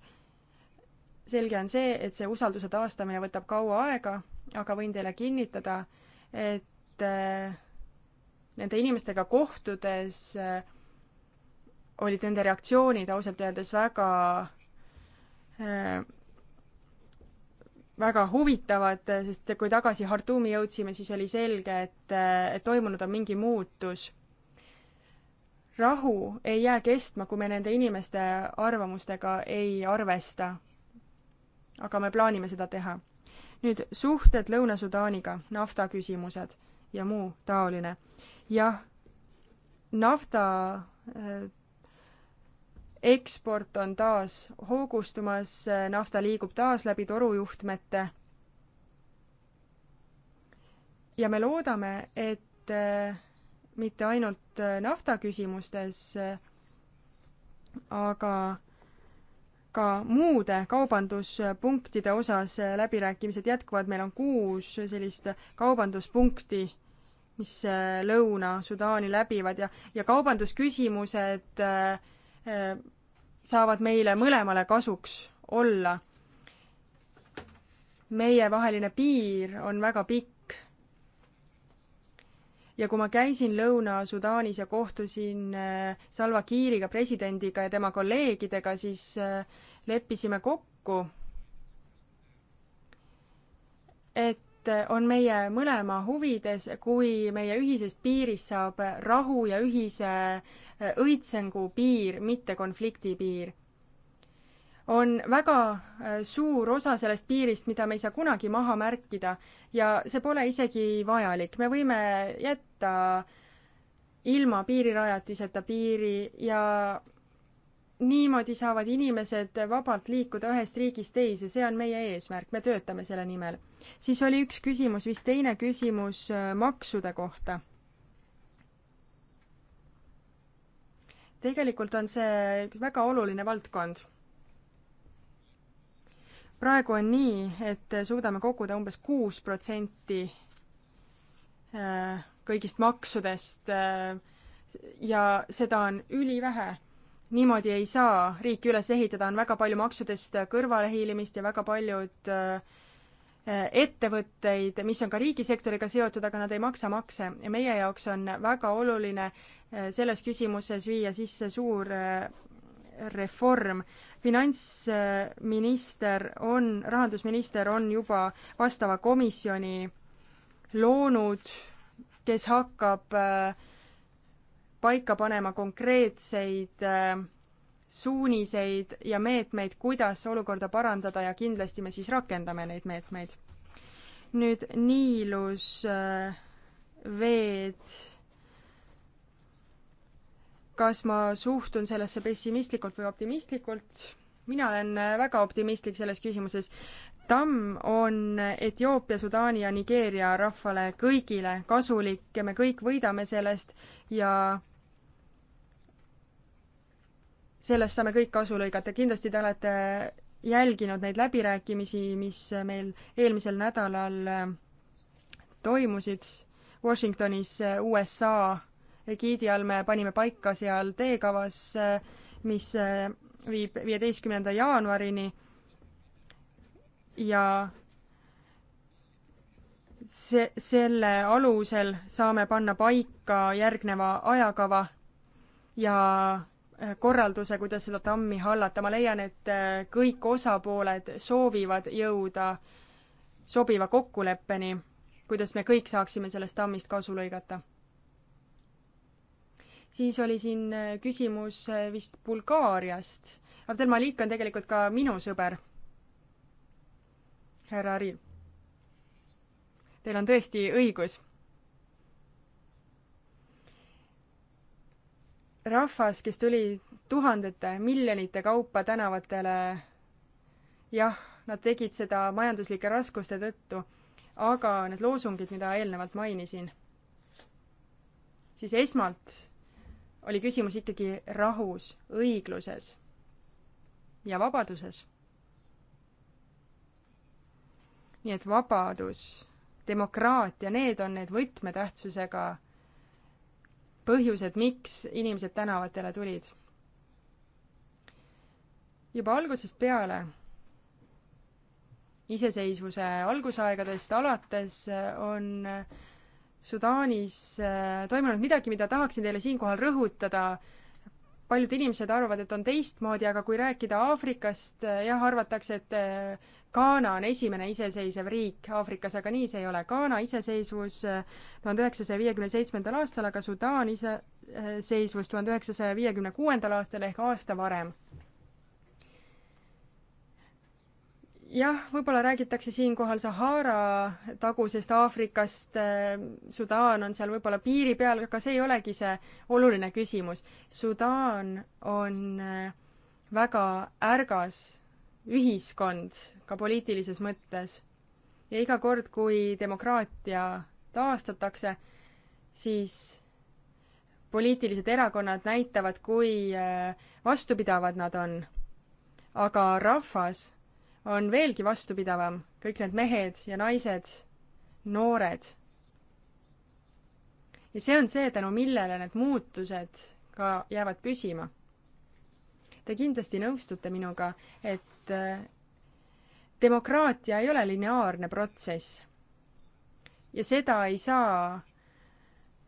selge on see, et see usalduse taastamine võtab kaua aega, aga võin teile kinnitada, et inimeste, äh, nende inimestega kohtudes äh, olid nende reaktsioonid ausalt öeldes väga äh, väga huvitavad, sest kui tagasi Hartumi jõudsime, siis oli selge, et, et toimunud on mingi muutus. rahu ei jää kestma, kui me nende inimeste arvamustega ei arvesta. aga me plaanime seda teha. nüüd suhted Lõuna-Sudaaniga, nafta küsimused ja muu taoline. jah, nafta äh, eksport on taas hoogustumas, äh, nafta liigub taas läbi torujuhtmete. ja me loodame, et äh, mitte ainult nafta küsimustes, aga aga muude kaubanduspunktide osas läbirääkimised jätkuvad, meil on kuus sellist kaubanduspunkti, mis äh, Lõuna-Sudaani läbivad ja, ja kaubandusküsimused äh, äh, saavad meile mõlemale kasuks olla. meievaheline piir on väga pikk ja kui ma käisin Lõuna-Sudaanis ja kohtusin äh, Salva Kiiriga, presidendiga ja tema kolleegidega, siis äh, leppisime kokku, et äh, on meie mõlema huvides, kui meie ühisest piirist saab rahu ja ühise õitsengu piir, mitte konflikti piir on väga äh, suur osa sellest piirist, mida me ei saa kunagi maha märkida ja see pole isegi vajalik, me võime jätta ilma piirirajatiseta piiri ja niimoodi saavad inimesed vabalt liikuda ühest riigist teise, see on meie eesmärk, me töötame selle nimel. siis oli üks küsimus, vist teine küsimus äh, maksude kohta. tegelikult on see väga oluline valdkond praegu on nii, et suudame koguda umbes kuus protsenti äh, kõigist maksudest äh, ja seda on ülivähe. niimoodi ei saa riiki üles ehitada, on väga palju maksudest kõrvalehiilimist ja väga paljud äh, ettevõtteid, mis on ka riigisektoriga seotud, aga nad ei maksa makse ja meie jaoks on väga oluline selles küsimuses viia sisse suur reform. finantsminister on, rahandusminister on juba vastava komisjoni loonud, kes hakkab äh, paika panema konkreetseid äh, suuniseid ja meetmeid, kuidas olukorda parandada ja kindlasti me siis rakendame neid meetmeid. nüüd Niilus äh, veed kas ma suhtun sellesse pessimistlikult või optimistlikult? mina olen äh, väga optimistlik selles küsimuses. tamm on Etioopia, Sudaani ja Nigeeria rahvale kõigile kasulik ja me kõik võidame sellest ja sellest saame kõik kasu lõigata. kindlasti te olete jälginud neid läbirääkimisi, mis meil eelmisel nädalal äh, toimusid Washingtonis äh, USA egiidi all me panime paika seal teekavas, mis äh, viib viieteistkümnenda jaanuarini ja see, selle alusel saame panna paika järgneva ajakava ja äh, korralduse, kuidas seda tammi hallata, ma leian, et äh, kõik osapooled soovivad jõuda sobiva kokkuleppeni, kuidas me kõik saaksime sellest tammist kasu lõigata siis oli siin äh, küsimus äh, vist Bulgaariast. Abdel Malik on tegelikult ka minu sõber. härra Ari. Teil on tõesti õigus. rahvas, kes tuli tuhandete, miljonite kaupa tänavatele, jah, nad tegid seda majanduslike raskuste tõttu, aga need loosungid, mida eelnevalt mainisin, siis esmalt oli küsimus ikkagi rahus, õigluses ja vabaduses. nii et vabadus, demokraatia, need on need võtmetähtsusega põhjused, miks inimesed tänavatele tulid. juba algusest peale, iseseisvuse algusaegadest alates on äh, Sudaanis äh, toimunud midagi, mida tahaksin teile siinkohal rõhutada. paljud inimesed arvavad, et on teistmoodi, aga kui rääkida Aafrikast, äh, jah, arvatakse, et äh, Ghana on esimene iseseisev riik Aafrikas, aga nii see ei ole. Ghana iseseisvus tuhande üheksasaja viiekümne seitsmendal aastal, aga Sudaan iseseisvus tuhande üheksasaja viiekümne kuuendal aastal ehk aasta varem. jah, võib-olla räägitakse siinkohal Sahara tagusest Aafrikast, äh, Sudaan on seal võib-olla piiri peal, aga see ei olegi see oluline küsimus. Sudaan on äh, väga ärgas ühiskond ka poliitilises mõttes ja iga kord, kui demokraatia taastatakse, siis poliitilised erakonnad näitavad, kui äh, vastupidavad nad on. aga rahvas on veelgi vastupidavam, kõik need mehed ja naised, noored. ja see on see, tänu millele need muutused ka jäävad püsima. Te kindlasti nõustute minuga, et äh, demokraatia ei ole lineaarne protsess. ja seda ei saa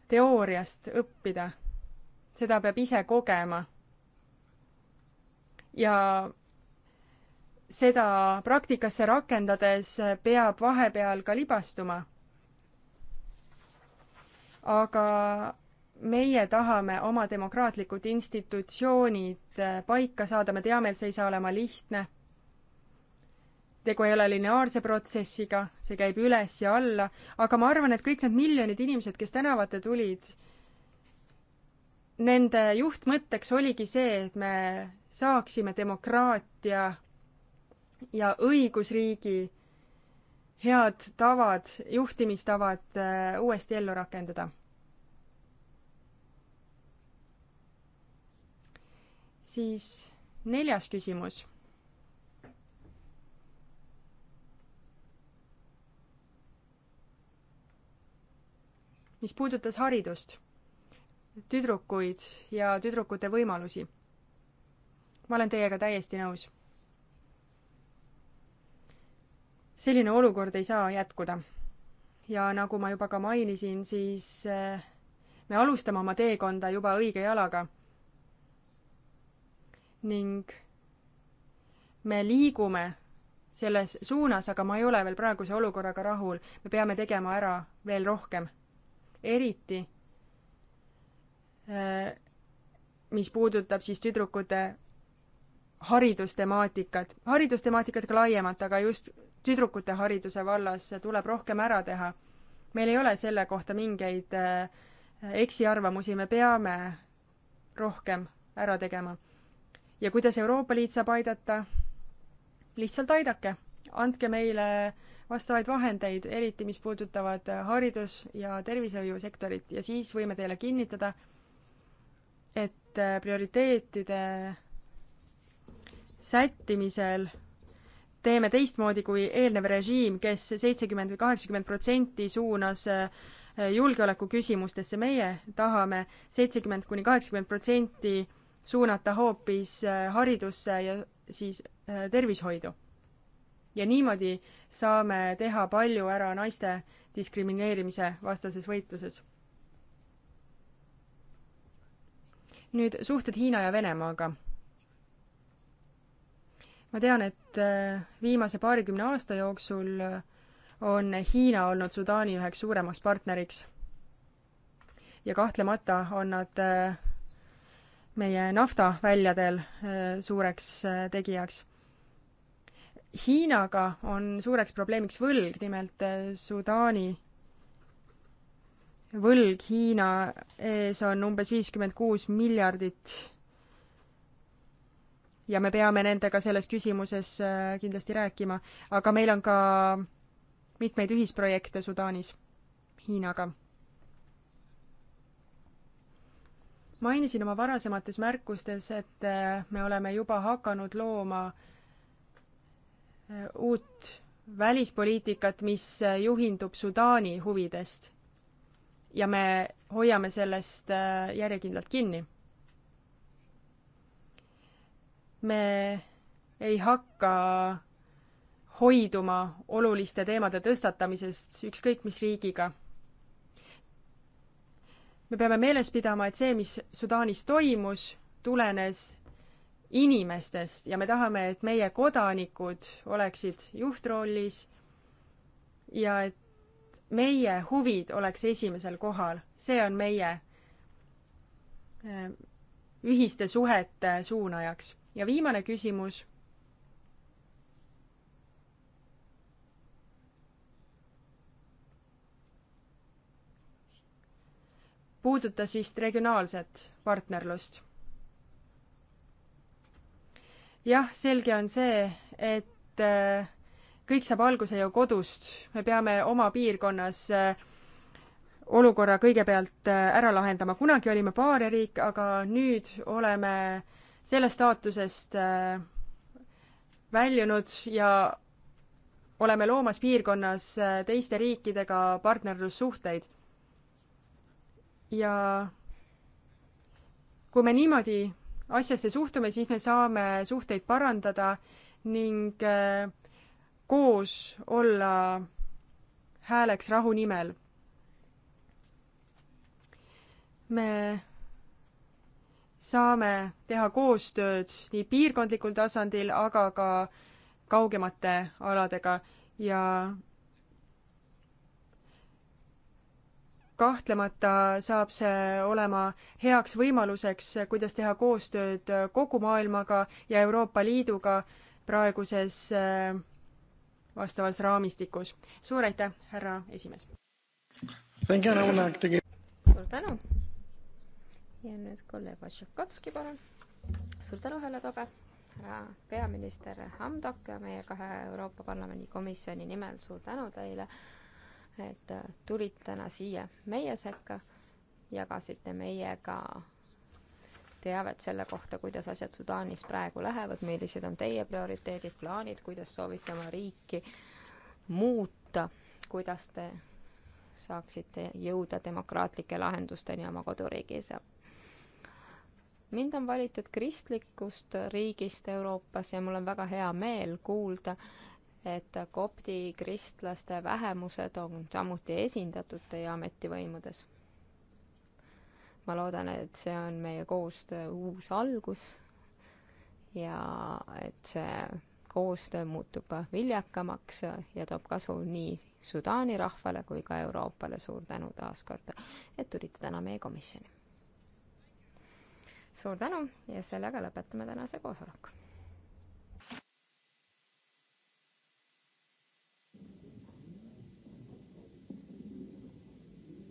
teooriast õppida. seda peab ise kogema. ja seda praktikasse rakendades peab vahepeal ka libastuma. aga meie tahame oma demokraatlikud institutsioonid paika saada, me teame, et see ei saa olema lihtne. tegu ei ole lineaarse protsessiga, see käib üles ja alla, aga ma arvan, et kõik need miljonid inimesed, kes tänavate tulid, nende juhtmõtteks oligi see, et me saaksime demokraatia ja õigusriigi head tavad, juhtimistavad äh, uuesti ellu rakendada. siis neljas küsimus. mis puudutas haridust, tüdrukuid ja tüdrukute võimalusi. ma olen teiega täiesti nõus selline olukord ei saa jätkuda. ja nagu ma juba ka mainisin, siis eh, me alustame oma teekonda juba õige jalaga. ning me liigume selles suunas, aga ma ei ole veel praeguse olukorraga rahul. me peame tegema ära veel rohkem. eriti eh, mis puudutab siis tüdrukute haridustemaatikat, haridustemaatikat ka laiemalt, aga just tüdrukute hariduse vallas tuleb rohkem ära teha. meil ei ole selle kohta mingeid äh, eksiarvamusi, me peame rohkem ära tegema. ja kuidas Euroopa Liit saab aidata? lihtsalt aidake, andke meile vastavaid vahendeid, eriti mis puudutavad äh, haridus- ja tervishoiusektorit ja siis võime teile kinnitada, et äh, prioriteetide sättimisel teeme teistmoodi kui eelnev režiim kes, kes seitsekümmend või kaheksakümmend protsenti suunas äh, julgeoleku küsimustesse, meie tahame seitsekümmend kuni kaheksakümmend protsenti suunata hoopis äh, haridusse ja siis äh, tervishoidu. ja niimoodi saame teha palju ära naiste diskrimineerimise vastases võitluses. nüüd suhted Hiina ja Venemaaga ma tean, et äh, viimase paarikümne aasta jooksul äh, on Hiina olnud Sudaani üheks suuremaks partneriks. ja kahtlemata on nad äh, meie naftaväljadel suureks tegijaks. Hiinaga on suureks probleemiks võlg, nimelt Sudaani võlg Hiina ees on umbes viiskümmend kuus miljardit ja me peame nendega selles küsimuses äh, kindlasti rääkima, aga meil on ka mitmeid ühisprojekte Sudaanis Hiinaga. mainisin oma varasemates märkustes, et äh, me oleme juba hakanud looma äh, uut välispoliitikat, mis juhindub Sudaani huvidest. ja me hoiame sellest järjekindlalt kinni me ei hakka hoiduma oluliste teemade tõstatamisest ükskõik mis riigiga. me peame meeles pidama, et see, mis Sudaanis toimus, tulenes inimestest ja me tahame, et meie kodanikud oleksid juhtrollis ja et meie huvid oleks esimesel kohal, see on meie eh, ühiste suhete suunajaks ja viimane küsimus. puudutas vist regionaalset partnerlust. jah, selge on see, et äh, kõik saab alguse ju kodust, me peame oma piirkonnas äh, olukorra kõigepealt äh, ära lahendama, kunagi olime paariariik, aga nüüd oleme äh, sellest staatusest äh, väljunud ja oleme loomas piirkonnas äh, teiste riikidega partnerlussuhteid. ja kui me niimoodi asjasse suhtume, siis me saame suhteid parandada ning äh, koos olla hääleks rahu nimel. me saame teha koostööd nii piirkondlikul tasandil, aga ka kaugemate aladega ja kahtlemata saab see olema heaks võimaluseks, kuidas teha koostööd kogu maailmaga ja Euroopa Liiduga praeguses äh, vastavas raamistikus. suur aitäh, härra esimees! suur tänu! ja nüüd kolleeg Vašakovski, palun. suur tänu, Helle Tobe, härra peaminister Hamdok ja meie kahe Euroopa Parlamendi komisjoni nimel suur tänu teile, et äh, tulid täna siia meie sekka, jagasite meiega teavet selle kohta, kuidas asjad Sudaanis praegu lähevad, millised on teie prioriteedid, plaanid, kuidas soovite oma riiki muuta, kuidas te saaksite jõuda demokraatlike lahendusteni oma koduriigis ja mind on valitud kristlikust riigist Euroopas ja mul on väga hea meel kuulda, et kopti kristlaste vähemused on samuti esindatud teie ametivõimudes. ma loodan, et see on meie koostöö uus algus ja et see koostöö muutub viljakamaks ja toob kasu nii Sudaani rahvale kui ka Euroopale. suur tänu taas kord, et tulite täna meie komisjoni suur tänu ja sellega lõpetame tänase koosoleku.